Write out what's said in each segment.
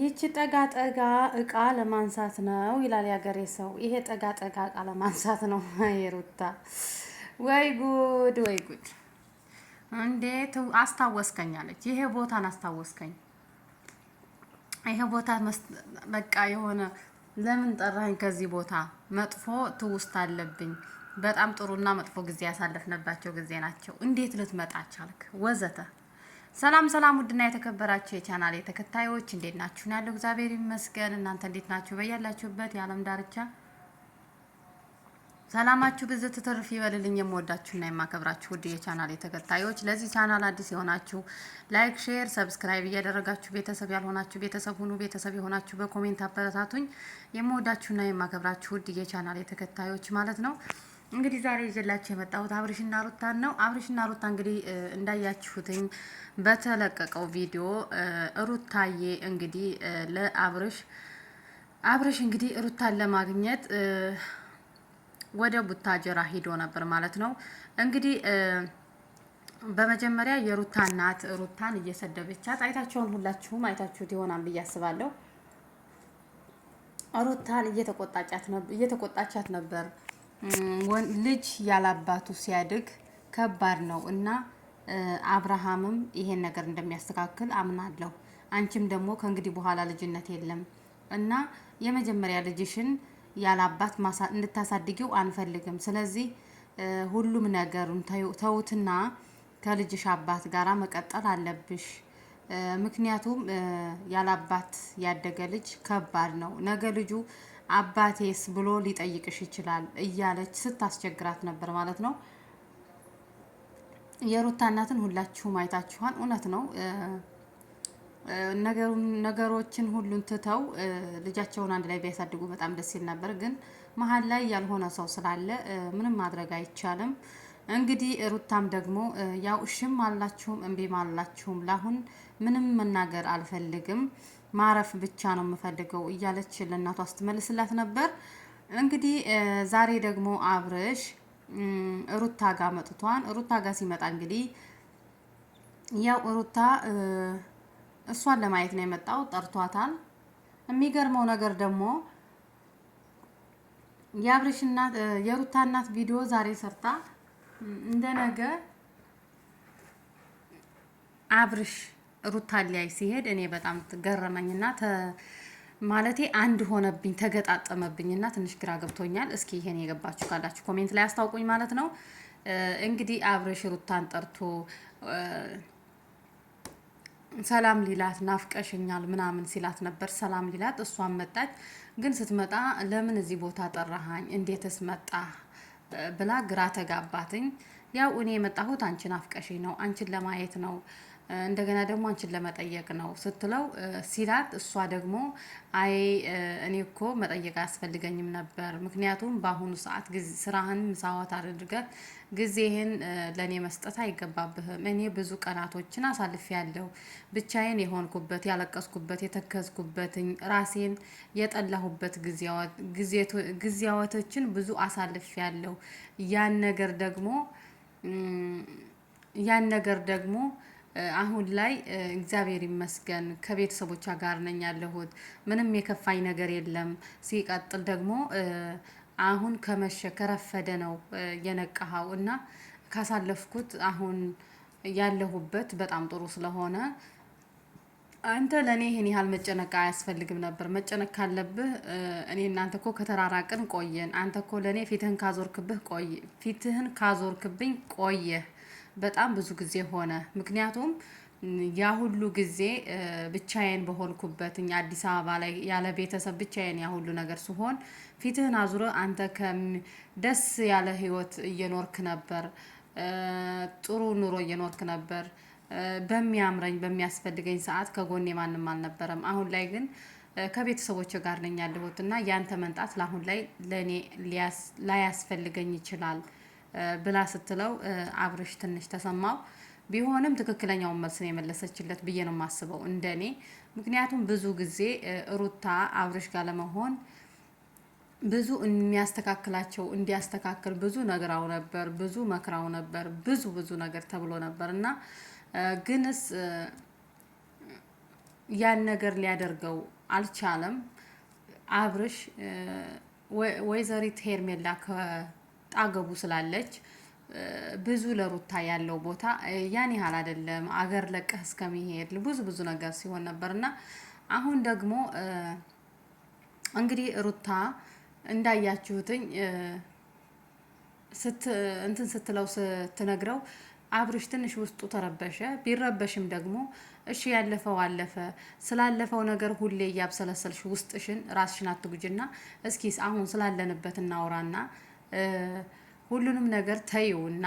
ይቺ ጠጋ ጠጋ እቃ ለማንሳት ነው ይላል ያገሬ ሰው። ይሄ ጠጋ ጠጋ እቃ ለማንሳት ነው የሩታ። ወይ ጉድ ወይ ጉድ! እንዴት አስታወስከኝ አለች። ይሄ ቦታን አስታወስከኝ። ይሄ ቦታ በቃ የሆነ ለምን ጠራኝ? ከዚህ ቦታ መጥፎ ትውስት አለብኝ። በጣም ጥሩና መጥፎ ጊዜ ያሳለፍነባቸው ጊዜ ናቸው። እንዴት ልትመጣ ቻልክ? ወዘተ ሰላም ሰላም፣ ውድና የተከበራችሁ የቻናል የተከታዮች እንዴት ናችሁ? ያለው እግዚአብሔር ይመስገን። እናንተ እንዴት ናችሁ? በያላችሁበት የዓለም ዳርቻ ሰላማችሁ ብዙ ትትርፍ ይበልልኝ። የምወዳችሁና የማከብራችሁ ውድ የቻናል የተከታዮች ለዚህ ቻናል አዲስ የሆናችሁ ላይክ፣ ሼር፣ ሰብስክራይብ እያደረጋችሁ ቤተሰብ ያልሆናችሁ ቤተሰብ ሁኑ፣ ቤተሰብ የሆናችሁ በኮሜንት አበረታቱኝ። የምወዳችሁና የማከብራችሁ ውድ የቻናል የተከታዮች ማለት ነው። እንግዲህ ዛሬ ይዤላችሁ የመጣሁት አብርሽና ሩታን ነው። አብርሽና ሩታ እንግዲህ እንዳያችሁትኝ በተለቀቀው ቪዲዮ ሩታዬ እንግዲህ ለአብርሽ አብርሽ እንግዲህ ሩታን ለማግኘት ወደ ቡታጀራ ሂዶ ነበር ማለት ነው እንግዲህ በመጀመሪያ የሩታ እናት ሩታን እየሰደበቻት አይታችሁን፣ ሁላችሁም አይታችሁት ይሆናል ብዬ አስባለሁ። ሩታን እየተቆጣቻት ነበር ልጅ ያላባቱ ሲያድግ ከባድ ነው እና አብርሃምም ይሄን ነገር እንደሚያስተካክል አምናለሁ። አንቺም ደግሞ ከእንግዲህ በኋላ ልጅነት የለም እና የመጀመሪያ ልጅሽን ያላባት እንድታሳድጊው አንፈልግም። ስለዚህ ሁሉም ነገሩን ተውትና ከልጅሽ አባት ጋር መቀጠል አለብሽ። ምክንያቱም ያላባት ያደገ ልጅ ከባድ ነው። ነገ ልጁ አባቴስ ብሎ ሊጠይቅሽ ይችላል እያለች ስታስቸግራት ነበር ማለት ነው። የሩታ እናትን ሁላችሁም አይታችኋል። እውነት ነው። ነገሮችን ሁሉን ትተው ልጃቸውን አንድ ላይ ቢያሳድጉ በጣም ደስ ይል ነበር። ግን መሀል ላይ ያልሆነ ሰው ስላለ ምንም ማድረግ አይቻልም። እንግዲህ ሩታም ደግሞ ያው እሽም አላችሁም እምቢም አላችሁም፣ ላሁን ምንም መናገር አልፈልግም ማረፍ ብቻ ነው የምፈልገው እያለች ለእናቷ ስትመልስላት ነበር። እንግዲህ ዛሬ ደግሞ አብርሽ ሩታ ጋ መጥቷን ሩታ ጋ ሲመጣ እንግዲህ ያው ሩታ እሷን ለማየት ነው የመጣው ጠርቷታል። የሚገርመው ነገር ደግሞ የአብርሽ እናት የሩታ እናት ቪዲዮ ዛሬ ሰርታ እንደነገ አብርሽ ሩታ ሊያይ ሲሄድ እኔ በጣም ገረመኝና ማለቴ አንድ ሆነብኝ ተገጣጠመብኝና ትንሽ ግራ ገብቶኛል። እስኪ ይሄን የገባችሁ ካላችሁ ኮሜንት ላይ አስታውቁኝ ማለት ነው። እንግዲህ አብረሽ ሩታን ጠርቶ ሰላም ሊላት ናፍቀሽኛል ምናምን ሲላት ነበር። ሰላም ሊላት እሷን መጣች። ግን ስትመጣ ለምን እዚህ ቦታ ጠራሃኝ? እንዴትስ መጣ ብላ ግራ ተጋባትኝ። ያው እኔ የመጣሁት አንቺን አፍቀሽኝ ነው፣ አንቺን ለማየት ነው እንደገና ደግሞ አንቺን ለመጠየቅ ነው ስትለው ሲላት፣ እሷ ደግሞ አይ እኔ እኮ መጠየቅ አያስፈልገኝም ነበር፣ ምክንያቱም በአሁኑ ሰዓት ስራህን ምሳወት አድርገህ ጊዜህን ለእኔ መስጠት አይገባብህም። እኔ ብዙ ቀናቶችን አሳልፌያለሁ፣ ብቻዬን የሆንኩበት፣ ያለቀስኩበት፣ የተከዝኩበት፣ ራሴን የጠላሁበት ጊዜያቶችን ብዙ አሳልፌያለሁ። ያን ነገር ደግሞ ያን ነገር ደግሞ አሁን ላይ እግዚአብሔር ይመስገን ከቤተሰቦቿ ጋር ነኝ ያለሁት። ምንም የከፋኝ ነገር የለም። ሲቀጥል ደግሞ አሁን ከመሸ ከረፈደ ነው የነቃኸው እና ካሳለፍኩት አሁን ያለሁበት በጣም ጥሩ ስለሆነ አንተ ለእኔ ይህን ያህል መጨነቅ አያስፈልግም ነበር። መጨነቅ ካለብህ እኔ እናንተ ኮ ከተራራቅን ቆየን። አንተ ኮ ለእኔ ፊትህን ካዞርክብህ ቆየ ፊትህን ካዞርክብኝ ቆየህ በጣም ብዙ ጊዜ ሆነ። ምክንያቱም ያ ሁሉ ጊዜ ብቻዬን በሆንኩበት እኛ አዲስ አበባ ላይ ያለ ቤተሰብ ብቻዬን ያ ሁሉ ነገር ሲሆን ፊትህን አዙረ አንተ ደስ ያለ ህይወት እየኖርክ ነበር። ጥሩ ኑሮ እየኖርክ ነበር። በሚያምረኝ በሚያስፈልገኝ ሰዓት ከጎኔ ማንም አልነበረም። አሁን ላይ ግን ከቤተሰቦች ጋር ነኝ ያለሁት እና ያንተ መንጣት ለአሁን ላይ ለእኔ ላያስፈልገኝ ይችላል። ብላ ስትለው አብርሽ ትንሽ ተሰማው። ቢሆንም ትክክለኛውን መልስ ነው የመለሰችለት ብዬ ነው የማስበው እንደኔ። ምክንያቱም ብዙ ጊዜ ሩታ አብርሽ ጋር ለመሆን ብዙ የሚያስተካክላቸው እንዲያስተካክል ብዙ ነግራው ነበር፣ ብዙ መክራው ነበር፣ ብዙ ብዙ ነገር ተብሎ ነበር እና ግንስ ያን ነገር ሊያደርገው አልቻለም አብርሽ ወይዘሪት ሄርሜላ አገቡ ስላለች ብዙ ለሩታ ያለው ቦታ ያን ያህል አይደለም። አገር ለቀህ እስከሚሄድ ብዙ ብዙ ነገር ሲሆን ነበር እና አሁን ደግሞ እንግዲህ ሩታ እንዳያችሁትኝ እንትን ስትለው ስትነግረው አብርሽ ትንሽ ውስጡ ተረበሸ። ቢረበሽም ደግሞ እሺ ያለፈው አለፈ፣ ስላለፈው ነገር ሁሌ እያብሰለሰልሽ ውስጥሽን ራስሽን አትጉጅና፣ እስኪ አሁን ስላለንበት እናውራና ሁሉንም ነገር ተይውና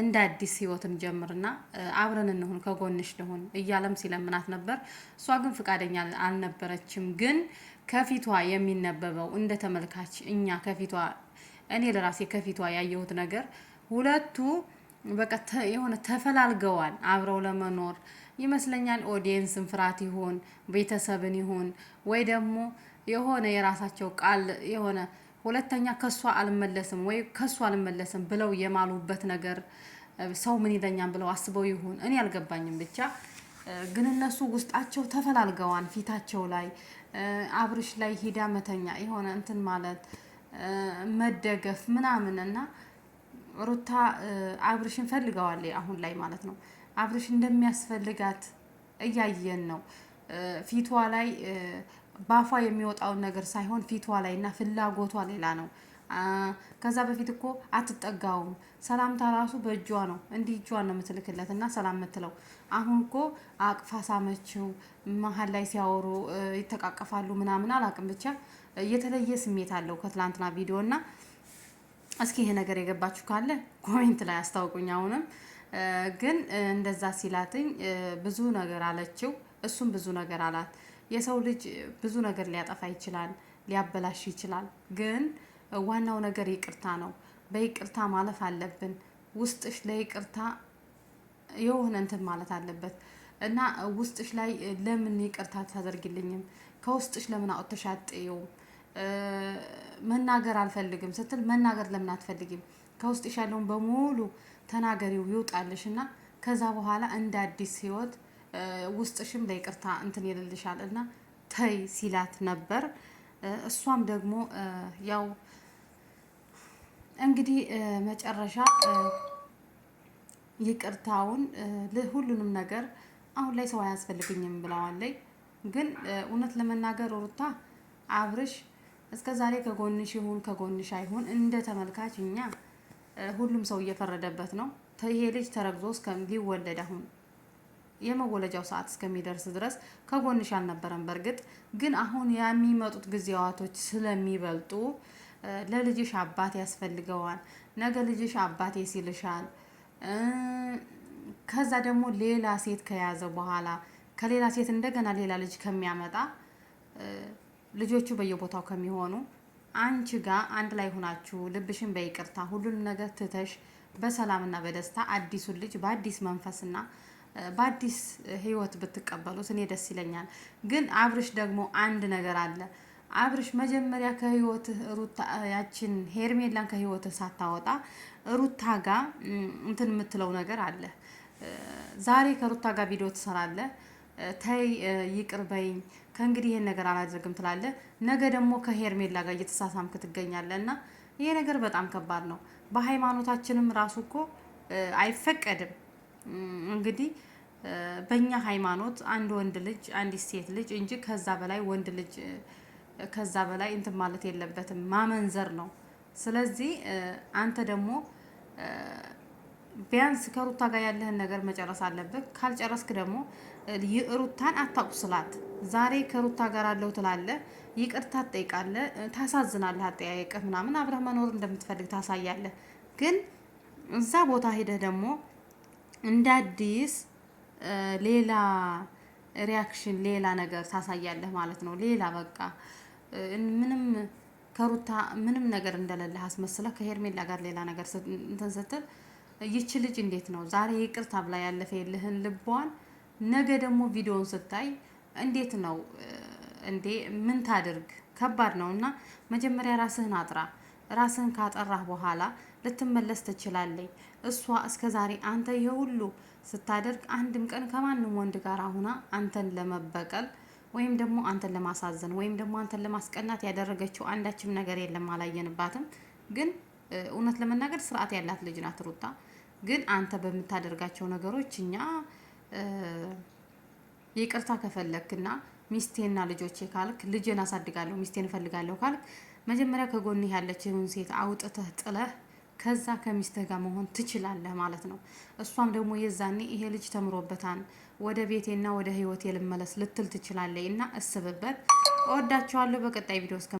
እንደ አዲስ ህይወትን ጀምርና አብረን እንሁን ከጎንሽ ልሁን እያለም ሲለምናት ነበር። እሷ ግን ፍቃደኛ አልነበረችም። ግን ከፊቷ የሚነበበው እንደ ተመልካች እኛ ከፊቷ እኔ ለራሴ ከፊቷ ያየሁት ነገር ሁለቱ በቃ የሆነ ተፈላልገዋል። አብረው ለመኖር ይመስለኛል። ኦዲየንስን ፍርሃት ይሁን ቤተሰብን ይሁን ወይ ደግሞ የሆነ የራሳቸው ቃል የሆነ ሁለተኛ ከሷ አልመለስም ወይ ከሷ አልመለስም ብለው የማሉበት ነገር ሰው ምን ይለኛም ብለው አስበው ይሁን እኔ አልገባኝም። ብቻ ግን እነሱ ውስጣቸው ተፈላልገዋን ፊታቸው ላይ አብርሽ ላይ ሂዳ መተኛ የሆነ እንትን ማለት መደገፍ ምናምን እና ሩታ አብርሽን ፈልገዋል አሁን ላይ ማለት ነው። አብርሽ እንደሚያስፈልጋት እያየን ነው ፊቷ ላይ ባፏ የሚወጣውን ነገር ሳይሆን ፊቷ ላይ እና ፍላጎቷ ሌላ ነው። ከዛ በፊት እኮ አትጠጋውም። ሰላምታ ራሱ በእጇ ነው እንዲህ እጇን ነው የምትልክለት እና ሰላም የምትለው። አሁን እኮ አቅፋ ሳመችው። መሀል ላይ ሲያወሩ ይተቃቀፋሉ ምናምን አላቅም፣ ብቻ የተለየ ስሜት አለው ከትላንትና ቪዲዮ እና እስኪ ይሄ ነገር የገባችሁ ካለ ኮሜንት ላይ አስታውቁኝ። አሁንም ግን እንደዛ ሲላትኝ ብዙ ነገር አለችው፣ እሱም ብዙ ነገር አላት። የሰው ልጅ ብዙ ነገር ሊያጠፋ ይችላል፣ ሊያበላሽ ይችላል። ግን ዋናው ነገር ይቅርታ ነው። በይቅርታ ማለፍ አለብን። ውስጥሽ ለይቅርታ የሆነ እንትን ማለት አለበት እና ውስጥሽ ላይ ለምን ይቅርታ ታደርግልኝም? ከውስጥሽ ለምን አውጥተሽ አትጠይውም? መናገር አልፈልግም ስትል መናገር ለምን አትፈልጊም? ከውስጥሽ ያለውን በሙሉ ተናገሪው ይውጣልሽ እና ከዛ በኋላ እንደ አዲስ ህይወት ውስጥሽም ለይቅርታ እንትን ይልልሻል እና ተይ ሲላት ነበር። እሷም ደግሞ ያው እንግዲህ መጨረሻ ይቅርታውን ሁሉንም ነገር አሁን ላይ ሰው አያስፈልግኝም ብለዋለይ። ግን እውነት ለመናገር ሩታ አብርሽ እስከ ዛሬ ከጎንሽ ይሁን ከጎንሽ አይሁን እንደ ተመልካች እኛ ሁሉም ሰው እየፈረደበት ነው። ይሄ ልጅ ተረግዞ እስከ ሊወለድ አሁን የመወለጃው ሰዓት እስከሚደርስ ድረስ ከጎንሽ አልነበረም። በእርግጥ ግን አሁን የሚመጡት ጊዜያቶች ስለሚበልጡ ለልጅሽ አባት ያስፈልገዋል። ነገ ልጅሽ አባቴ ሲልሻል። ከዛ ደግሞ ሌላ ሴት ከያዘ በኋላ ከሌላ ሴት እንደገና ሌላ ልጅ ከሚያመጣ ልጆቹ በየቦታው ከሚሆኑ አንቺ ጋር አንድ ላይ ሆናችሁ ልብሽን በይቅርታ ሁሉንም ነገር ትተሽ በሰላምና በደስታ አዲሱን ልጅ በአዲስ መንፈስና በአዲስ ህይወት ብትቀበሉት እኔ ደስ ይለኛል። ግን አብርሽ ደግሞ አንድ ነገር አለ። አብርሽ መጀመሪያ ከህይወት ሩታ ያችን ሄርሜላን ከህይወት ሳታወጣ ሩታ ጋ እንትን የምትለው ነገር አለ። ዛሬ ከሩታ ጋር ቪዲዮ ትሰራለ ተይ ይቅር በይኝ ከእንግዲህ ይሄን ነገር አላደርግም ትላለ ነገ ደግሞ ከሄርሜላ ጋር እየተሳሳምክ ትገኛለህ። እና ይሄ ነገር በጣም ከባድ ነው። በሃይማኖታችንም ራሱ እኮ አይፈቀድም። እንግዲህ በእኛ ሃይማኖት አንድ ወንድ ልጅ አንዲት ሴት ልጅ እንጂ ከዛ በላይ ወንድ ልጅ ከዛ በላይ እንትን ማለት የለበትም ማመንዘር ነው። ስለዚህ አንተ ደግሞ ቢያንስ ከሩታ ጋር ያለህን ነገር መጨረስ አለብህ። ካልጨረስክ ደግሞ ሩታን አታቁስላት። ዛሬ ከሩታ ጋር አለው ትላለህ፣ ይቅርታ ትጠይቃለህ፣ ታሳዝናለህ፣ አጠያየቅህ ምናምን አብረህ መኖር እንደምትፈልግ ታሳያለህ። ግን እዛ ቦታ ሄደህ ደግሞ እንደ አዲስ ሌላ ሪያክሽን ሌላ ነገር ታሳያለህ ማለት ነው። ሌላ በቃ ምንም ከሩታ ምንም ነገር እንደሌለህ አስመስለህ ከሄርሜላ ጋር ሌላ ነገር እንትን ስትል ይቺ ልጅ እንዴት ነው ዛሬ ይቅርታ ብላ ያለፈ የልህን ልቧን ነገ ደግሞ ቪዲዮን ስታይ እንዴት ነው እንዴ? ምን ታድርግ? ከባድ ነው እና መጀመሪያ ራስህን አጥራ። ራስህን ካጠራህ በኋላ ልትመለስ ትችላለኝ። እሷ እስከ ዛሬ አንተ የሁሉ ስታደርግ አንድም ቀን ከማንም ወንድ ጋር ሁና አንተን ለመበቀል ወይም ደግሞ አንተን ለማሳዘን ወይም ደግሞ አንተን ለማስቀናት ያደረገችው አንዳችም ነገር የለም፣ አላየንባትም። ግን እውነት ለመናገር ስርዓት ያላት ልጅ ናት ሩታ። ግን አንተ በምታደርጋቸው ነገሮች እኛ ይቅርታ ከፈለክና ሚስቴና ልጆቼ ካልክ ልጄን አሳድጋለሁ ሚስቴን እፈልጋለሁ ካልክ መጀመሪያ ከጎንህ ያለችውን ሴት አውጥተህ ጥለህ ከዛ ከሚስትህ ጋር መሆን ትችላለህ ማለት ነው። እሷም ደግሞ የዛኔ ይሄ ልጅ ተምሮበታል፣ ወደ ቤቴና ወደ ህይወቴ ልመለስ ልትል ትችላለች። እና እስብበት። እወዳቸዋለሁ። በቀጣይ ቪዲዮ